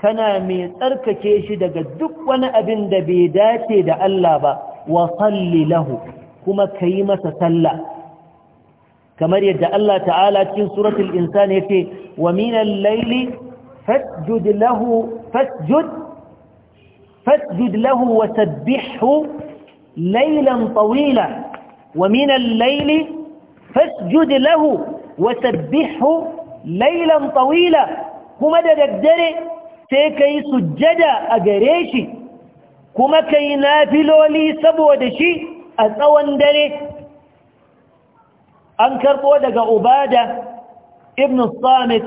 كنا من تركك شدق الدق ونأبن دبيداتي دا الله وصل له كما كيمة سلأ kamar yadda Allah ta'ala cikin suratul insan yace wa minal layli fasjud lahu fasjud fasjud lahu wa sabbihhu ليلا طويلا ومن الليل فاسجد له وسبحه ليلا طويلا كما دددري سيكي سجدا أجريشي كما كي نافلو لي سبودشي أسوان دري أنكر بودك أبادة ابن الصامت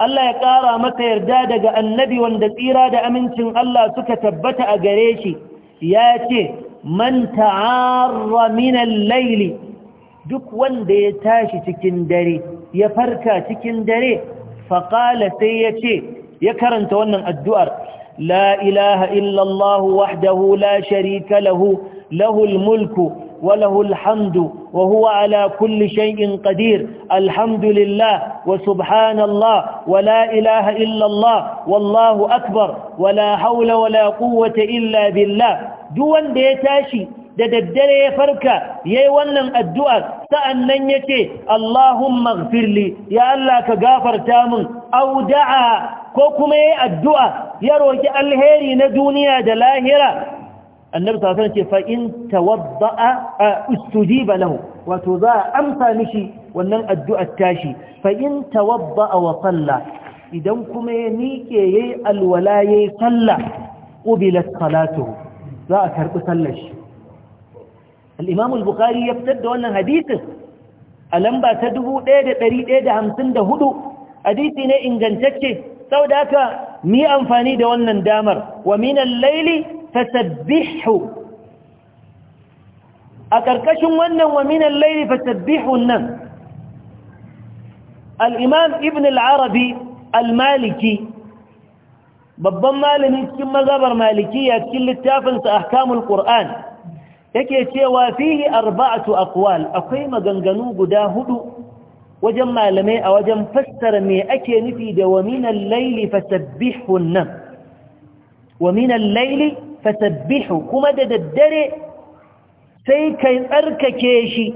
Allah ya ƙara masa yarda daga annabi wanda tsira da amincin Allah suka tabbata a gare shi ya ce man ta'arra min al-layli duk wanda ya tashi cikin dare ya farka cikin dare faqala sai yace ya karanta wannan addu'ar la ilaha illa Allah wahdahu la sharika lahu lahul mulku wa lahul hamdu wa huwa ala kulli shay'in qadir alhamdulillah wa subhanallah wa la ilaha illa Allah wallahu akbar wa la hawla wa la quwwata illa billah duk wanda ya tashi da daddare ya farka yayi wannan addu'a sa'annan yace Allahumma ighfirli ya Allah ka gafarta min au da'a ko kuma yayi addu'a ya roki alheri na duniya da lahira annabi sallallahu alaihi wasallam ce fa in tawadda'a ustujiba lahu wato za'a amsa mishi wannan addu'ar tashi fa in tawadda'a wa salla idan kuma ya nike yayi alwala yayi salla qubilat salatuhu za a karɓi sallar shi al bukhari ya fitar da wannan hadisin a lamba ta 1154 hadisi ne ingantacce da aka mi amfani da wannan damar wa minan al-layli fasabbihu a ƙarƙashin wannan wa minan al-layli fasabbihu nan alimam imam ibn al-arabi al-maliki babban malami cikin mazhabar malikiya cikin littafin sa ahkamul qur'an yake cewa fihi arba'atu aqwal akwai maganganu guda hudu wajen malamai a wajen fassara me ake nufi da wa layli fasabbihu nan wa layli fasabbihu kuma da daddare sai kai tsarkake shi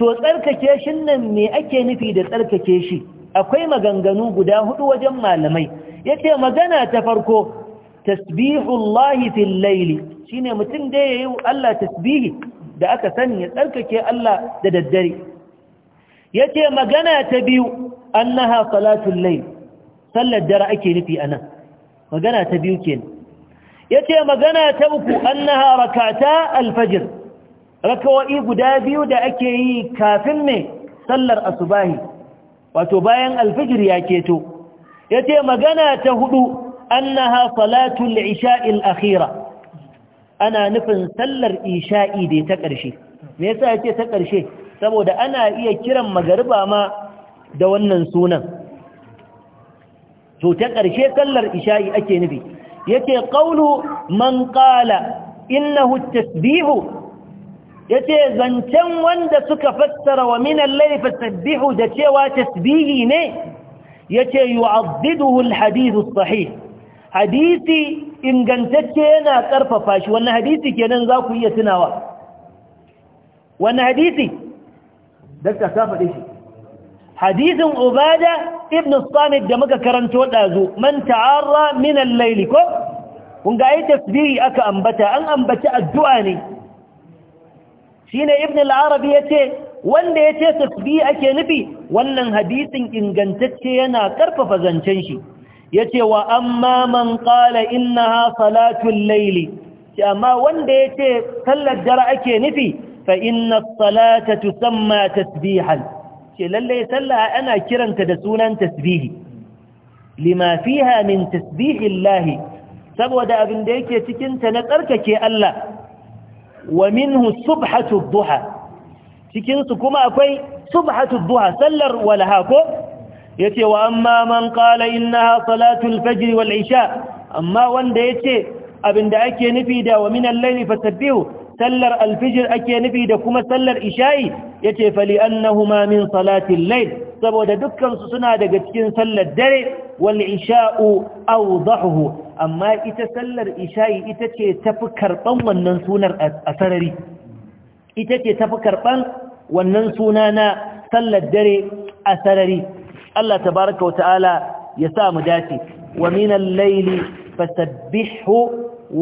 to tsarkake shin nan me ake nufi da tsarkake shi akwai maganganu guda hudu wajen malamai yace magana ta farko tasbihullahi fil layli shine mutum da yayi Allah tasbihi da aka sani ya tsarkake Allah da daddare yace magana ta biyu annaha salatul layl sallar dare ake nufi anan magana ta biyu kenan yace magana ta uku annaha rakata alfajr rakawai guda biyu da ake yi kafin ne sallar asubahi wato bayan alfajr ya keto yace magana ta hudu annaha salatul isha'il akhira ana nufin sallar isha'i da ta ƙarshe me yasa yace ta ƙarshe saboda ana iya kiran magariba ma da wannan sunan to ta ƙarshe sallar isha'i ake nufi yace qawlu man qala innahu tasbihu yace zancen wanda suka fassara wa min al-layl fasbihu da cewa tasbihi ne yace yu'addiduhu al sahih hadisi ingantacce yana karfafa shi wannan hadisi kenan za ku iya tunawa wannan hadisi dakta ta faɗi shi hadisin ubada ibn samit da muka karanto dazu man ta'arra min al-layl ko kun ga ai tasbihi aka ambata an ambaci addu'a ne shine ibn al-arabi yace wanda ya ce tasbihi ake nufi wannan hadisin ingantacce yana karfafa zancen shi yace wa amma man qala innaha salatul layli amma wanda yace sallar dare ake nufi fa inna as-salata tusamma tasbihan ce lalle sallah ana kiranta da sunan tasbihi lima fiha min tasbihillahi saboda abin da yake cikin ta na tsarkake Allah wa minhu subhatu dhuha cikinsu kuma akwai subhatu duha sallar walaha ko yace wa amma man qala innaha salatul fajiri wal isha amma wanda yace abinda ake nufi da wa minan laini layli sallar alfijir ake nufi da kuma sallar isha'i yace fali annahuma min salatin lain saboda dukansu suna daga cikin sallar dare wal isha'u zahuhu. amma ita sallar isha'i ita ce tafi karban wannan sunar asarari ita ce tafi karban wannan suna na sallar dare a sarari Allah tabaraka wa ta'ala ya sa mu dace wa minan laili fasabbihu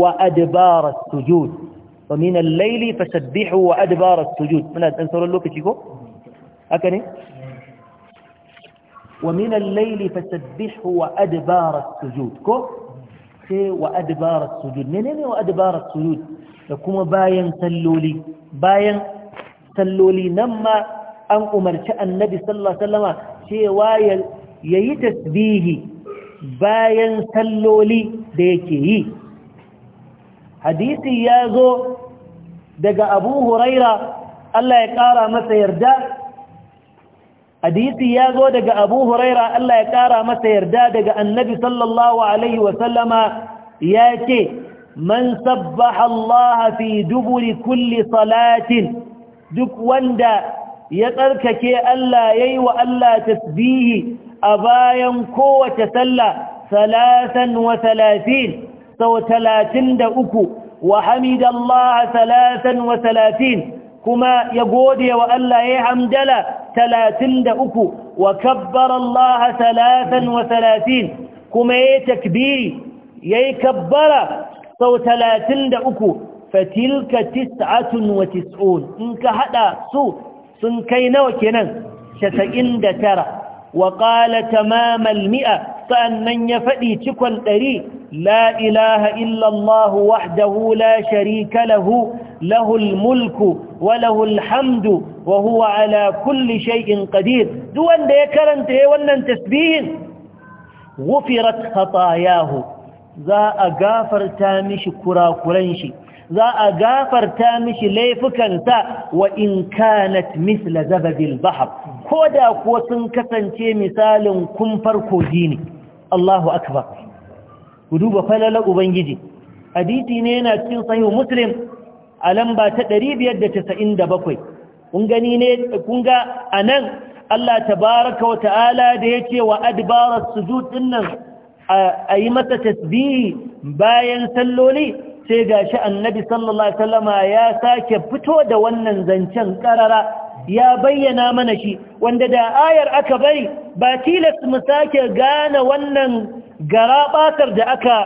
wa adbara sujud wa minan laili fasabbihu wa adbara sujud muna dan sauran lokaci ko haka ne wa minan laili fasabbihu wa adbara sujud ko sai wa adbara sujud menene wa adbara sujud da kuma bayan salloli bayan salloli nan ma an umarci annabi sallallahu alaihi wasallama cewa yayi tasbihi bayan salloli da yake yi hadisi ya zo daga abu huraira Allah ya ƙara masa yarda hadisi ya zo daga abu huraira Allah ya ƙara masa yarda daga annabi sallallahu alaihi wasallama ya ce man sabbaha Allah fi duburi kulli salatin duk wanda ya tsarkake Allah yayi wa Allah tasbihi a bayan kowace sallah salatan wa salatin sau talatin da uku wa hamida Allah salatan wa salatin kuma ya gode wa Allah ya hamdala talatin da uku wa kabbar Allah talatan wa talatin kuma ya takbiri ya yi kabbara sau talatin da uku fatilka tis'atun wa tis'un in ka haɗa su sun kai nawa kenan casa'in da tara wa ƙala tamamal mi'a sa'annan ya faɗi cikon ɗari la ilaha illallahu wahdahu la sharika lahu lahul mulku wa lahul hamdu wa huwa ala kulli shay'in qadir duk wanda ya karanta wannan tasbihin wufirat khatayahu za a gafarta mishi kurakuran shi za a gafarta mishi laifukansa wa in kanat misla zababil ko da kuwa sun kasance misalin kumfar kogi ne Allahu akbar ku duba falala ubangiji hadisi ne yana cikin sahihu muslim a lamba ta 597 kun gani ne kun ga anan Allah tabaraka wa ta'ala da yace wa adbara sujud dinnan a yi masa tasbihi bayan salloli sai ga shi annabi sallallahu alaihi ya sake fito da wannan zancen karara ya bayyana mana shi wanda da ayar aka bari ba tilas mu sake gane wannan garabatar da aka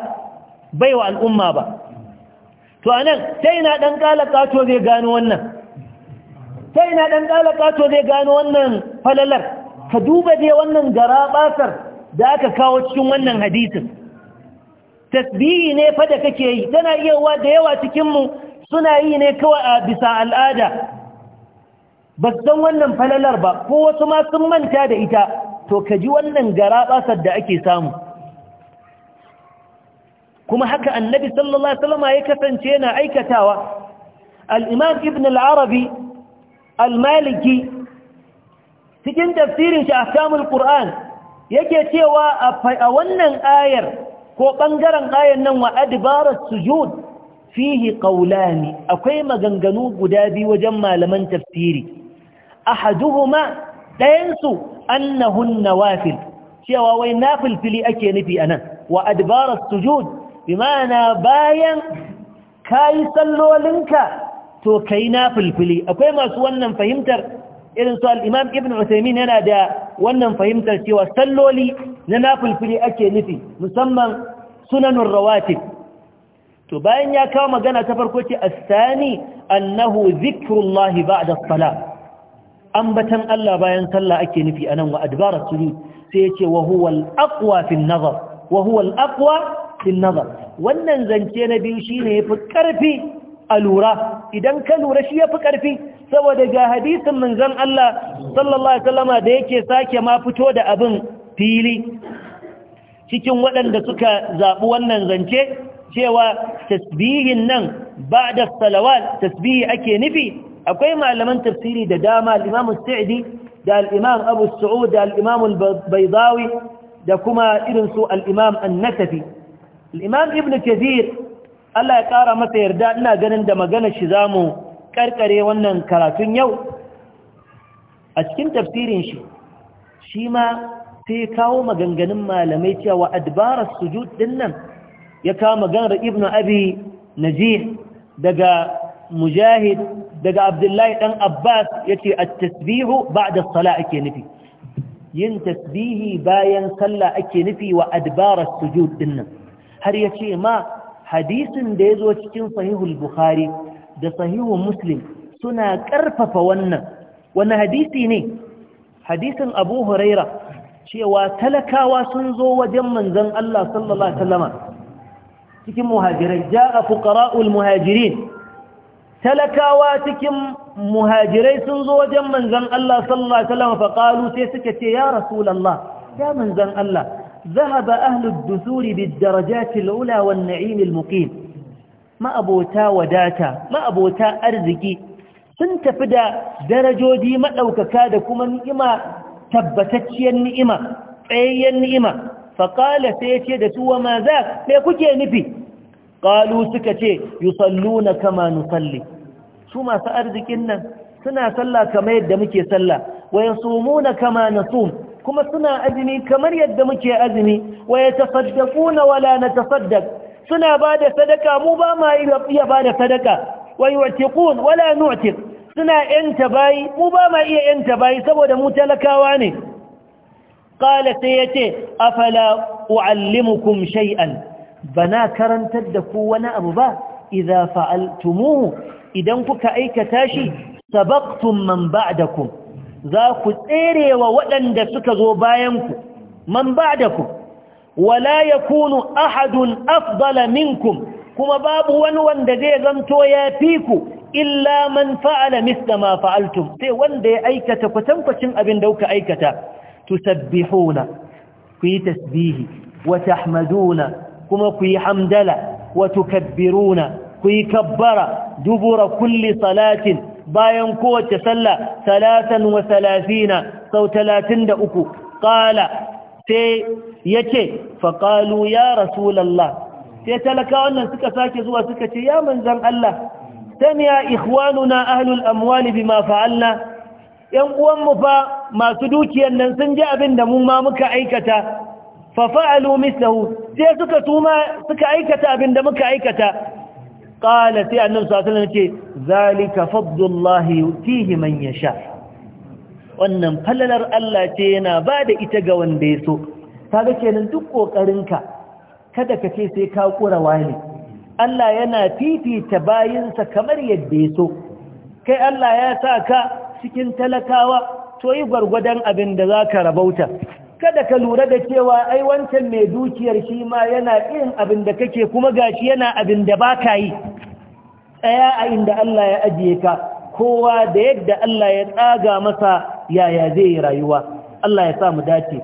baiwa al'umma ba to anan sai na dan kalaka to zai gano wannan sai na dan kalaka to zai gano wannan falalar ka duba dai wannan garabatar da aka kawo cikin wannan hadisin tasbihi ne fa da kake yi tana iya wa da yawa cikin mu suna yi ne kawai a bisa al'ada ba san wannan falalar ba ko wasu ma sun manta da ita to ka ji wannan garaɓasar da ake samu kuma haka annabi sallallahu alaihi wasallam ya kasance yana aikatawa al-imam ibn al-arabi al-maliki cikin tafsirin shi ahkamul qur'an yake cewa a wannan ayar ko ɓangaren ayar nan wa adbarar sujud fihi ƙaulani akwai maganganu guda biyu wajen malaman tafsiri ahaduhuma ɗayansu annahun nawafil cewa wai nafilfili ake nufi a nan wa adbarar sujud bi ma'ana bayan kayi sallolinka to kayi nafilfili akwai masu wannan fahimtar irin su al'imam ibn Usaimin yana da wannan fahimtar cewa salloli na nafilfili ake nufi musamman sunanun rawatib to bayan ya kawo magana ta farko ce astani annahu zikrullahi ba'da as-salah ambatan Allah bayan sallah ake nufi anan wa adbara sujud sai yace wa huwa al-aqwa fi an-nazar wa huwa al-aqwa fi an-nazar wannan zance na biyu shine yafi karfi a lura idan ka lura shi ya fi ƙarfi saboda ga hadisin manzan Allah sallallahu Alaihi wasallama da yake sake ma fito da abin fili cikin waɗanda suka zaɓi wannan zance cewa tasbihin nan ba da salawal tasbihi ake nufi akwai malaman tafsiri da dama al'imamun sa'idi da al'imam abu sa'ud da al'imamun baizawi da kuma irinsu al'imam annatafi al'imam ibn kathir Allah ya ƙara masa yarda ina ganin da maganar shi za mu ƙarƙare wannan karatun yau a cikin tafsirin shi shi ma sai kawo maganganun malamai cewa adbarar sujud din nan ya kawo maganar ibnu abi najih daga mujahid daga abdullahi dan abbas yace a tasbihu ba'da da sala ake nufi yin tasbihi bayan sallah ake nufi wa adbarar sujud din nan har yace ma hadisin da ya zo cikin sahihul bukhari da sahihul muslim suna ƙarfafa wannan wani hadisi ne hadisin abu huraira cewa talakawa sun zo wajen manzan Allah sallallahu Alaihi wasallama cikin muhajirai ja a fukara'ul muhajirin talakawa cikin muhajirai sun zo wajen manzan Allah sallallahu Alaihi wasallama faƙalu sai suka ce ya rasulallah ya manzan Allah ذهب أهل الدثور بالدرجات الأولى والنعيم المقيم ما أبوتا وداتا ما أبوتا أرزكي سنتف دا درجو دي مألوك كادكما نئمة تبتتشي النئمة أي النئمة فقال سيتي دتو وما ذاك ليكوكي نفي قالوا سكتي يصلون كما نصلي شو ما سأرزكنا سنة صلى كما يدمكي صلى ويصومون كما نصوم kuma suna azumi kamar yadda muke azumi wa yatasaddaquna wala natasaddaq suna bada sadaka mu ba ma iya bada sadaka wa yu'tiqun wala nu'tiq suna yanta bayi mu ba ma iya yanta bayi saboda mu talakawa ne qala sai yace afala uallimukum shay'an bana karantar da ku wani abu ba idza fa'altumuhu idan kuka aikata shi sabaqtum man ba'dakum za ku tserewa waɗanda suka zo bayanku man ba da ku wala ya kunu ahadun afdala minkum kuma babu wani wanda zai zanto ya fi ku illa man fa'ala misla ma fa'altum sai wanda ya aikata kwatankwacin abin da kuka aikata tusabbihuna ku yi tasbihi wa tahmaduna kuma ku yi hamdala wa tukabbiruna ku yi kabbara dubura kulli salatin bayan kowace sallah salatan wa salasina sau talatin da uku ƙala sai yake faƙalu ya rasulallah sai talaka wannan suka sake zuwa suka ce ya manzan Allah samiya ikhwanuna ahlul amwali bima fa'alna yan uwanmu fa masu dukiyar nan sun ji abin da mu ma muka aikata fa fa'alu mislahu sai suka tuma suka aikata abin da muka aikata qala sai annabi sallallahu alaihi wasallam ce zalika fadlullahi yutihi man yasha wannan falalar Allah ce yana bada ita ga wanda ya so kaga kenan duk kokarinka kada ka ce sai ka kura wani Allah yana fifita bayinsa kamar yadda ya so kai Allah ya sa ka cikin talakawa to yi gwargwadon abin da zaka rabauta kada ka lura da cewa ai wancan mai dukiyar shi ma yana irin abin da kake kuma gashi yana abin da baka yi tsaya a inda Allah ya ajiye ka kowa da yadda Allah ya tsaga masa yaya zai yi rayuwa Allah ya sa mu dace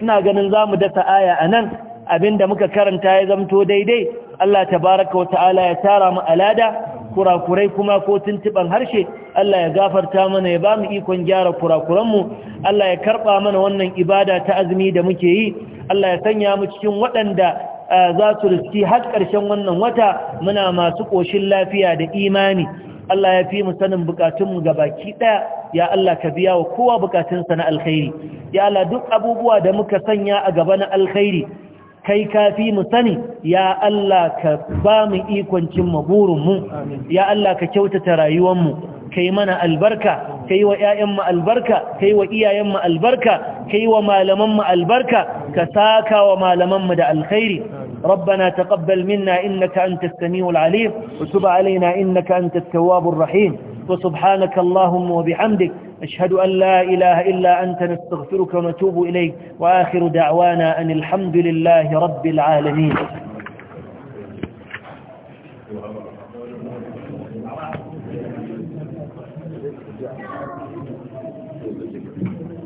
ina ganin zamu dasa aya anan da muka karanta ya zamto daidai Allah tabaraka wa ta'ala ya tara mu alada kurakurai kuma ko tuntuban harshe Allah ya gafarta mana ya ba mu ikon gyara kurakuranmu Allah ya karɓa mana wannan ibada ta azumi da muke yi Allah ya sanya mu cikin waɗanda za su riski har ƙarshen wannan wata muna masu ƙoshin lafiya da imani Allah ya fi mu sanin mu ga baki ɗaya ya Allah ka biya wa kowa bukatunsa na alkhairi ya Allah duk abubuwa da muka sanya a gaba na alkhairi kai kafi mu sani ya Allah ka ba mu ikon cimma mu ya Allah ka kyautata rayuwanmu kai mana albarka kai wa ƴaƴanmu albarka kai wa iyayenmu albarka kai wa malamanmu albarka ka saka wa malamanmu da alkhairi ربنا تقبل منا إنك أنت السميع العليم وتب علينا إنك أنت التواب الرحيم وسبحانك اللهم وبحمدك أشهد أن لا إله إلا أنت نستغفرك ونتوب إليك وآخر دعوانا أن الحمد لله رب العالمين